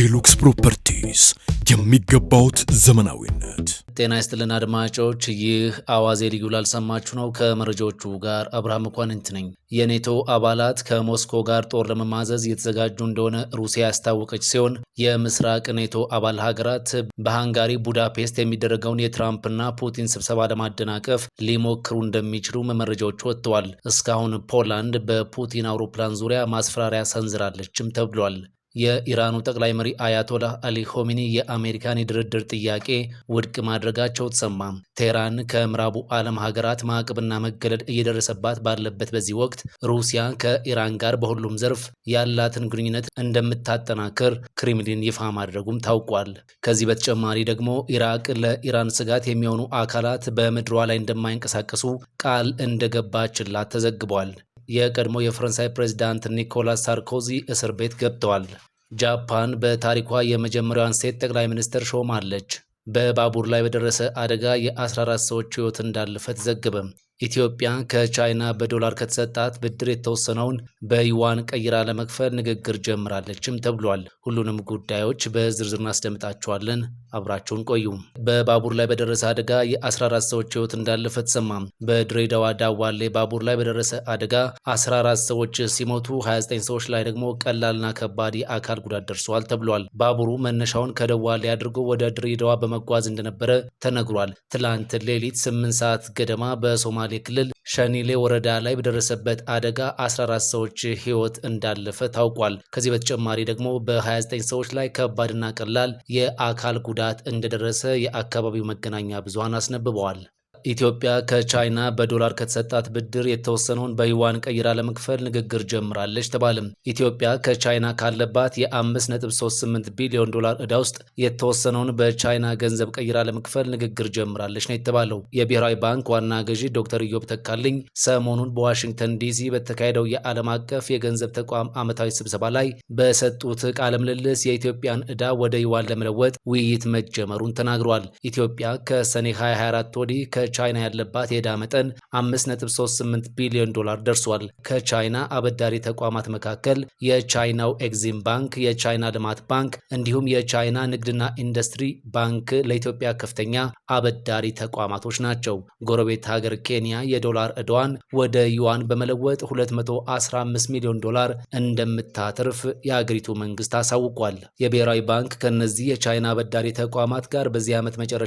ዴሉክስ ፕሮፐርቲስ የሚገባውት ዘመናዊነት። ጤና ይስጥልን አድማጮች፣ ይህ አዋዜ ልዩ ላልሰማችሁ ነው። ከመረጃዎቹ ጋር አብርሃም መኳንንት ነኝ። የኔቶ አባላት ከሞስኮ ጋር ጦር ለመማዘዝ እየተዘጋጁ እንደሆነ ሩሲያ ያስታወቀች ሲሆን የምስራቅ ኔቶ አባል ሀገራት በሃንጋሪ ቡዳፔስት የሚደረገውን የትራምፕና ፑቲን ስብሰባ ለማደናቀፍ ሊሞክሩ እንደሚችሉ መረጃዎች ወጥተዋል። እስካሁን ፖላንድ በፑቲን አውሮፕላን ዙሪያ ማስፈራሪያ ሰንዝራለችም ተብሏል። የኢራኑ ጠቅላይ መሪ አያቶላህ አሊ ሆሚኒ የአሜሪካን የድርድር ጥያቄ ውድቅ ማድረጋቸው ተሰማ። ቴህራን ከምዕራቡ ዓለም ሀገራት ማዕቀብና መገለል እየደረሰባት ባለበት በዚህ ወቅት ሩሲያ ከኢራን ጋር በሁሉም ዘርፍ ያላትን ግንኙነት እንደምታጠናክር ክሬምሊን ይፋ ማድረጉም ታውቋል። ከዚህ በተጨማሪ ደግሞ ኢራቅ ለኢራን ስጋት የሚሆኑ አካላት በምድሯ ላይ እንደማይንቀሳቀሱ ቃል እንደገባችላት ተዘግቧል። የቀድሞ የፈረንሳይ ፕሬዚዳንት ኒኮላስ ሳርኮዚ እስር ቤት ገብተዋል። ጃፓን በታሪኳ የመጀመሪያዋን ሴት ጠቅላይ ሚኒስትር ሾማለች። በባቡር ላይ በደረሰ አደጋ የ14 ሰዎች ሕይወት እንዳለፈ ተዘገበ። ኢትዮጵያ ከቻይና በዶላር ከተሰጣት ብድር የተወሰነውን በዩዋን ቀይራ ለመክፈል ንግግር ጀምራለችም ተብሏል። ሁሉንም ጉዳዮች በዝርዝር እናስደምጣቸዋለን አብራችሁን ቆዩ። በባቡር ላይ በደረሰ አደጋ የ14 ሰዎች ሕይወት እንዳለፈ ተሰማ። በድሬዳዋ ዳዋሌ ባቡር ላይ በደረሰ አደጋ 14 ሰዎች ሲሞቱ 29 ሰዎች ላይ ደግሞ ቀላልና ከባድ የአካል ጉዳት ደርሰዋል ተብሏል። ባቡሩ መነሻውን ከደዋሌ አድርጎ ወደ ድሬዳዋ በመጓዝ እንደነበረ ተነግሯል። ትላንት ሌሊት 8 ሰዓት ገደማ በሶማሌ በሶማሌ ክልል ሸኒሌ ወረዳ ላይ በደረሰበት አደጋ 14 ሰዎች ህይወት እንዳለፈ ታውቋል። ከዚህ በተጨማሪ ደግሞ በ29 ሰዎች ላይ ከባድና ቀላል የአካል ጉዳት እንደደረሰ የአካባቢው መገናኛ ብዙሃን አስነብበዋል። ኢትዮጵያ ከቻይና በዶላር ከተሰጣት ብድር የተወሰነውን በዩዋን ቀይራ ለመክፈል ንግግር ጀምራለች ተባለም። ኢትዮጵያ ከቻይና ካለባት የ5.38 ቢሊዮን ዶላር ዕዳ ውስጥ የተወሰነውን በቻይና ገንዘብ ቀይራ ለመክፈል ንግግር ጀምራለች ነው የተባለው። የብሔራዊ ባንክ ዋና ገዢ ዶክተር ኢዮብ ተካልኝ ሰሞኑን በዋሽንግተን ዲሲ በተካሄደው የዓለም አቀፍ የገንዘብ ተቋም ዓመታዊ ስብሰባ ላይ በሰጡት ቃለ ምልልስ የኢትዮጵያን ዕዳ ወደ ዩዋን ለመለወጥ ውይይት መጀመሩን ተናግሯል። ኢትዮጵያ ከሰኔ 2024 ወዲህ ቻይና ያለባት የዕዳ መጠን 5.38 ቢሊዮን ዶላር ደርሷል። ከቻይና አበዳሪ ተቋማት መካከል የቻይናው ኤግዚም ባንክ፣ የቻይና ልማት ባንክ እንዲሁም የቻይና ንግድና ኢንዱስትሪ ባንክ ለኢትዮጵያ ከፍተኛ አበዳሪ ተቋማቶች ናቸው። ጎረቤት ሀገር ኬንያ የዶላር ዕዳዋን ወደ ዩዋን በመለወጥ 215 ሚሊዮን ዶላር እንደምታትርፍ የአገሪቱ መንግስት አሳውቋል። የብሔራዊ ባንክ ከነዚህ የቻይና አበዳሪ ተቋማት ጋር በዚህ ዓመት መጨረሻ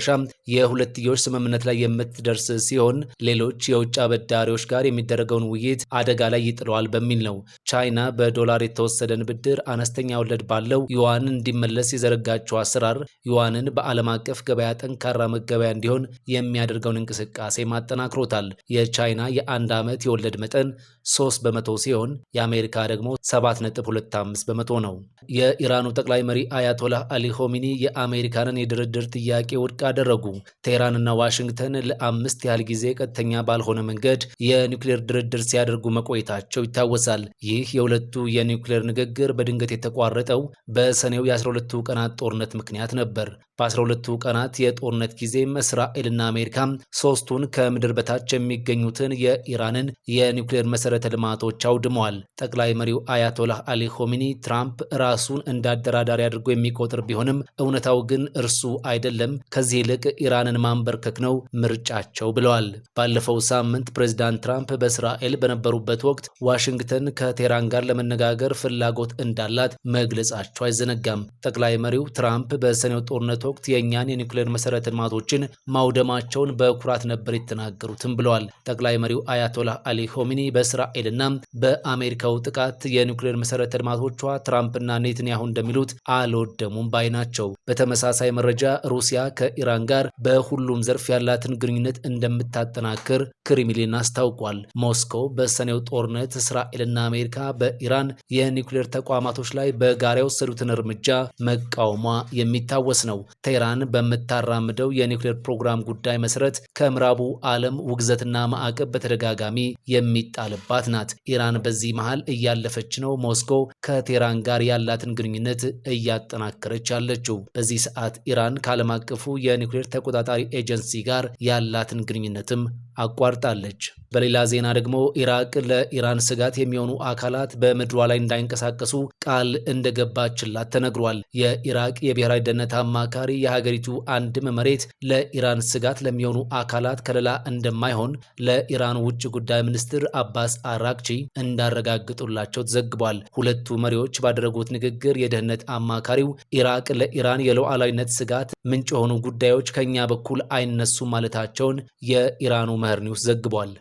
የሁለትዮሽ ስምምነት ላይ የምት የምትደርስ ሲሆን ሌሎች የውጭ አበዳሪዎች ጋር የሚደረገውን ውይይት አደጋ ላይ ይጥለዋል በሚል ነው ቻይና በዶላር የተወሰደን ብድር አነስተኛ ወለድ ባለው ዩዋን እንዲመለስ የዘረጋቸው አሰራር ዩዋንን በዓለም አቀፍ ገበያ ጠንካራ መገበያ እንዲሆን የሚያደርገውን እንቅስቃሴ ማጠናክሮታል። የቻይና የአንድ ዓመት የወለድ መጠን 3 በመቶ ሲሆን የአሜሪካ ደግሞ 7.25 በመቶ ነው። የኢራኑ ጠቅላይ መሪ አያቶላህ አሊ ሆሚኒ የአሜሪካንን የድርድር ጥያቄ ውድቅ አደረጉ። ቴህራንና ዋሽንግተን አምስት ያህል ጊዜ ቀጥተኛ ባልሆነ መንገድ የኒውክሌር ድርድር ሲያደርጉ መቆየታቸው ይታወሳል። ይህ የሁለቱ የኒውክሌር ንግግር በድንገት የተቋረጠው በሰኔው የ12ቱ ቀናት ጦርነት ምክንያት ነበር። በ 12 ቀናት የጦርነት ጊዜም እስራኤልና አሜሪካ ሶስቱን ከምድር በታች የሚገኙትን የኢራንን የኒውክሌር መሰረተ ልማቶች አውድመዋል። ጠቅላይ መሪው አያቶላህ አሊ ሆሚኒ ትራምፕ ራሱን እንደ አደራዳሪ አድርጎ የሚቆጥር ቢሆንም እውነታው ግን እርሱ አይደለም፣ ከዚህ ይልቅ ኢራንን ማንበርከክ ነው ምርጫቸው ብለዋል። ባለፈው ሳምንት ፕሬዚዳንት ትራምፕ በእስራኤል በነበሩበት ወቅት ዋሽንግተን ከቴህራን ጋር ለመነጋገር ፍላጎት እንዳላት መግለጻቸው አይዘነጋም። ጠቅላይ መሪው ትራምፕ በሰኔው ጦርነት ወቅት የእኛን የኒውክሌር መሰረተ ልማቶችን ማውደማቸውን በኩራት ነበር የተናገሩትም ብለዋል። ጠቅላይ መሪው አያቶላህ አሊ ሆሚኒ በእስራኤልና በአሜሪካው ጥቃት የኒውክሌር መሰረተ ልማቶቿ ትራምፕና ኔትንያሁ እንደሚሉት አልወደሙም ባይ ናቸው። በተመሳሳይ መረጃ ሩሲያ ከኢራን ጋር በሁሉም ዘርፍ ያላትን ግንኙነት እንደምታጠናክር ክሪምሊን አስታውቋል። ሞስኮ በሰኔው ጦርነት እስራኤልና አሜሪካ በኢራን የኒውክሌር ተቋማቶች ላይ በጋራ የወሰዱትን እርምጃ መቃወሟ የሚታወስ ነው። ቴህራን በምታራምደው የኒውክሌር ፕሮግራም ጉዳይ መሰረት ከምዕራቡ ዓለም ውግዘትና ማዕቀብ በተደጋጋሚ የሚጣልባት ናት። ኢራን በዚህ መሃል እያለፈች ነው ሞስኮ ከቴህራን ጋር ያላትን ግንኙነት እያጠናከረች ያለችው። በዚህ ሰዓት ኢራን ከዓለም አቀፉ የኒውክሌር ተቆጣጣሪ ኤጀንሲ ጋር ያላትን ግንኙነትም አቋርጣለች። በሌላ ዜና ደግሞ ኢራቅ ለኢራን ስጋት የሚሆኑ አካላት በምድሯ ላይ እንዳይንቀሳቀሱ ቃል እንደገባችላት ተነግሯል። የኢራቅ የብሔራዊ ደህንነት አማካሪ የሀገሪቱ አንድም መሬት ለኢራን ስጋት ለሚሆኑ አካላት ከለላ እንደማይሆን ለኢራን ውጭ ጉዳይ ሚኒስትር አባስ አራክቺ እንዳረጋግጡላቸው ተዘግቧል። ሁለቱ መሪዎች ባደረጉት ንግግር የደህንነት አማካሪው ኢራቅ ለኢራን የሉዓላዊነት ስጋት ምንጭ የሆኑ ጉዳዮች ከእኛ በኩል አይነሱም ማለታቸውን የኢራኑ መኸር ኒውስ ዘግቧል።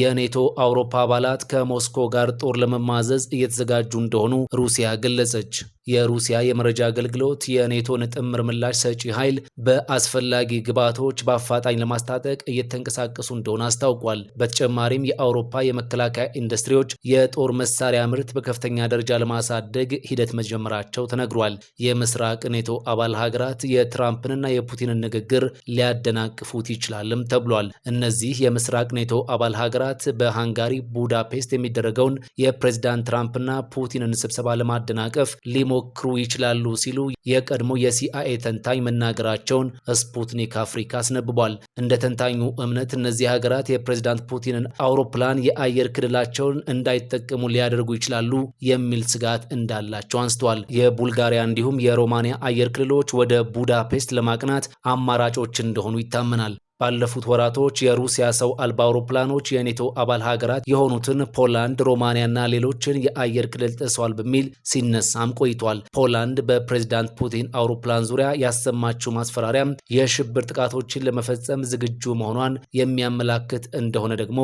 የኔቶ አውሮፓ አባላት ከሞስኮ ጋር ጦር ለመማዘዝ እየተዘጋጁ እንደሆኑ ሩሲያ ገለጸች። የሩሲያ የመረጃ አገልግሎት የኔቶን ጥምር ምላሽ ሰጪ ኃይል በአስፈላጊ ግብዓቶች በአፋጣኝ ለማስታጠቅ እየተንቀሳቀሱ እንደሆነ አስታውቋል። በተጨማሪም የአውሮፓ የመከላከያ ኢንዱስትሪዎች የጦር መሳሪያ ምርት በከፍተኛ ደረጃ ለማሳደግ ሂደት መጀመራቸው ተነግሯል። የምስራቅ ኔቶ አባል ሀገራት የትራምፕንና የፑቲንን ንግግር ሊያደናቅፉት ይችላልም ተብሏል። እነዚህ የምስራቅ ኔቶ አባል ሀገራት በሃንጋሪ ቡዳፔስት የሚደረገውን የፕሬዚዳንት ትራምፕና ፑቲንን ስብሰባ ለማደናቀፍ ሊሞ ሊሞክሩ ይችላሉ ሲሉ የቀድሞ የሲአይኤ ተንታኝ መናገራቸውን ስፑትኒክ አፍሪካ አስነብቧል። እንደ ተንታኙ እምነት እነዚህ ሀገራት የፕሬዚዳንት ፑቲንን አውሮፕላን የአየር ክልላቸውን እንዳይጠቀሙ ሊያደርጉ ይችላሉ የሚል ስጋት እንዳላቸው አንስተዋል። የቡልጋሪያ እንዲሁም የሮማንያ አየር ክልሎች ወደ ቡዳፔስት ለማቅናት አማራጮች እንደሆኑ ይታመናል። ባለፉት ወራቶች የሩሲያ ሰው አልባ አውሮፕላኖች የኔቶ አባል ሀገራት የሆኑትን ፖላንድ፣ ሮማንያና ሌሎችን የአየር ክልል ጥሰዋል በሚል ሲነሳም ቆይቷል። ፖላንድ በፕሬዚዳንት ፑቲን አውሮፕላን ዙሪያ ያሰማችው ማስፈራሪያም የሽብር ጥቃቶችን ለመፈጸም ዝግጁ መሆኗን የሚያመላክት እንደሆነ ደግሞ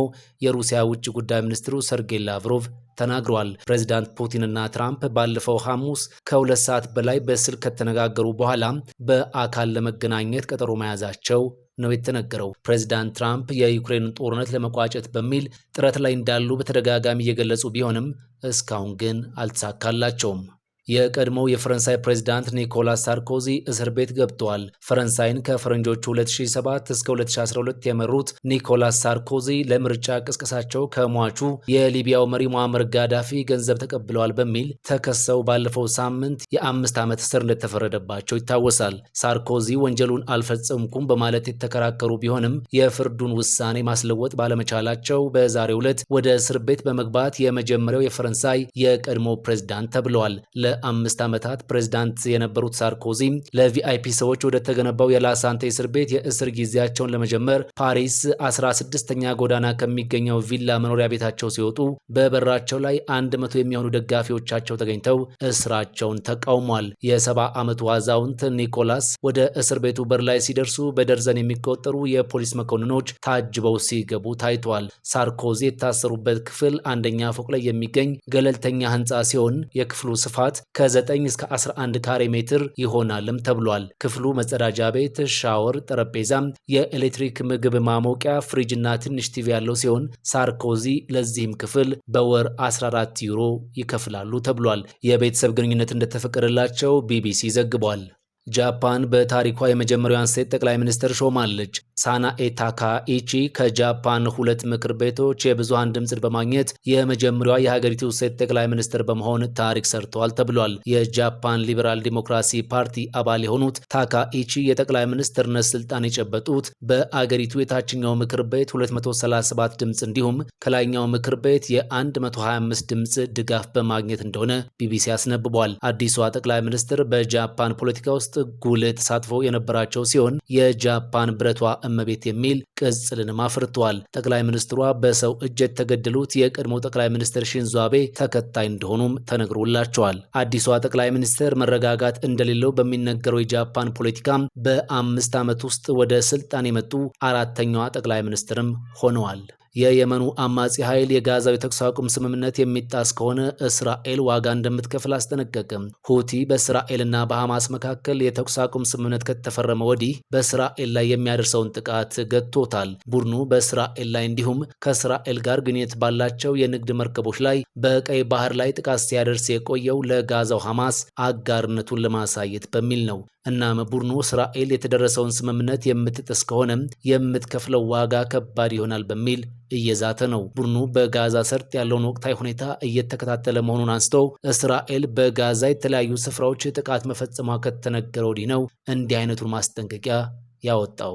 የሩሲያ ውጭ ጉዳይ ሚኒስትሩ ሰርጌይ ላቭሮቭ ተናግረዋል። ፕሬዚዳንት ፑቲንና ትራምፕ ባለፈው ሐሙስ ከሁለት ሰዓት በላይ በስልክ ከተነጋገሩ በኋላ በአካል ለመገናኘት ቀጠሮ መያዛቸው ነው የተነገረው። ፕሬዚዳንት ትራምፕ የዩክሬንን ጦርነት ለመቋጨት በሚል ጥረት ላይ እንዳሉ በተደጋጋሚ እየገለጹ ቢሆንም እስካሁን ግን አልተሳካላቸውም። የቀድሞው የፈረንሳይ ፕሬዝዳንት ኒኮላስ ሳርኮዚ እስር ቤት ገብተዋል። ፈረንሳይን ከፈረንጆቹ 2007 እስከ 2012 የመሩት ኒኮላስ ሳርኮዚ ለምርጫ ቅስቀሳቸው ከሟቹ የሊቢያው መሪ ሙአመር ጋዳፊ ገንዘብ ተቀብለዋል በሚል ተከሰው ባለፈው ሳምንት የአምስት ዓመት እስር እንደተፈረደባቸው ይታወሳል። ሳርኮዚ ወንጀሉን አልፈጸምኩም በማለት የተከራከሩ ቢሆንም የፍርዱን ውሳኔ ማስለወጥ ባለመቻላቸው በዛሬው ዕለት ወደ እስር ቤት በመግባት የመጀመሪያው የፈረንሳይ የቀድሞ ፕሬዝዳንት ተብለዋል። ለአምስት ዓመታት ፕሬዝዳንት የነበሩት ሳርኮዚ ለቪአይፒ ሰዎች ወደ ተገነባው የላሳንቴ እስር ቤት የእስር ጊዜያቸውን ለመጀመር ፓሪስ 16ኛ ጎዳና ከሚገኘው ቪላ መኖሪያ ቤታቸው ሲወጡ በበራቸው ላይ 100 የሚሆኑ ደጋፊዎቻቸው ተገኝተው እስራቸውን ተቃውሟል። የሰባ ዓመቱ አዛውንት ኒኮላስ ወደ እስር ቤቱ በር ላይ ሲደርሱ በደርዘን የሚቆጠሩ የፖሊስ መኮንኖች ታጅበው ሲገቡ ታይቷል። ሳርኮዚ የታሰሩበት ክፍል አንደኛ ፎቅ ላይ የሚገኝ ገለልተኛ ሕንፃ ሲሆን የክፍሉ ስፋት ከ9 እስከ 11 ካሬ ሜትር ይሆናልም ተብሏል። ክፍሉ መጸዳጃ ቤት፣ ሻወር፣ ጠረጴዛ፣ የኤሌክትሪክ ምግብ ማሞቂያ፣ ፍሪጅና ትንሽ ቲቪ ያለው ሲሆን ሳርኮዚ ለዚህም ክፍል በወር 14 ዩሮ ይከፍላሉ ተብሏል። የቤተሰብ ግንኙነት እንደተፈቀደላቸው ቢቢሲ ዘግቧል። ጃፓን በታሪኳ የመጀመሪያዋን ሴት ጠቅላይ ሚኒስትር ሾማለች። ሳናኤ ኢቺ ከጃፓን ሁለት ምክር ቤቶች የብዙሃን ድምፅን በማግኘት የመጀመሪያዋ የሀገሪቱ ሴት ጠቅላይ ሚኒስትር በመሆን ታሪክ ሰርተዋል ተብሏል። የጃፓን ሊበራል ዲሞክራሲ ፓርቲ አባል የሆኑት ታካ ኢቺ የጠቅላይ ሚኒስትርነት ስልጣን የጨበጡት በአገሪቱ የታችኛው ምክር ቤት 237 ድምፅ እንዲሁም ከላይኛው ምክር ቤት የ125 ድምፅ ድጋፍ በማግኘት እንደሆነ ቢቢሲ አስነብቧል። አዲሷ ጠቅላይ ሚኒስትር በጃፓን ፖለቲካ ውስጥ ጉልህ ተሳትፎ የነበራቸው ሲሆን የጃፓን ብረቷ እመቤት የሚል ቅጽልንም አፍርተዋል። ጠቅላይ ሚኒስትሯ በሰው እጅ የተገደሉት የቀድሞ ጠቅላይ ሚኒስትር ሺንዞ አቤ ተከታይ እንደሆኑም ተነግሮላቸዋል። አዲሷ ጠቅላይ ሚኒስትር መረጋጋት እንደሌለው በሚነገረው የጃፓን ፖለቲካም በአምስት ዓመት ውስጥ ወደ ስልጣን የመጡ አራተኛዋ ጠቅላይ ሚኒስትርም ሆነዋል። የየመኑ አማጺ ኃይል የጋዛው የተኩስ አቁም ስምምነት የሚጣስ ከሆነ እስራኤል ዋጋ እንደምትከፍል አስጠነቀቀ። ሁቲ በእስራኤልና በሐማስ መካከል የተኩስ አቁም ስምምነት ከተፈረመ ወዲህ በእስራኤል ላይ የሚያደርሰውን ጥቃት ገጥቶታል። ቡድኑ በእስራኤል ላይ እንዲሁም ከእስራኤል ጋር ግንኙነት ባላቸው የንግድ መርከቦች ላይ በቀይ ባህር ላይ ጥቃት ሲያደርስ የቆየው ለጋዛው ሐማስ አጋርነቱን ለማሳየት በሚል ነው። እናም ቡድኑ እስራኤል የተደረሰውን ስምምነት የምትጥስ ከሆነም የምትከፍለው ዋጋ ከባድ ይሆናል በሚል እየዛተ ነው። ቡድኑ በጋዛ ሰርጥ ያለውን ወቅታዊ ሁኔታ እየተከታተለ መሆኑን አንስተው እስራኤል በጋዛ የተለያዩ ስፍራዎች ጥቃት መፈጸሟ ከተነገረ ወዲህ ነው እንዲህ አይነቱን ማስጠንቀቂያ ያወጣው።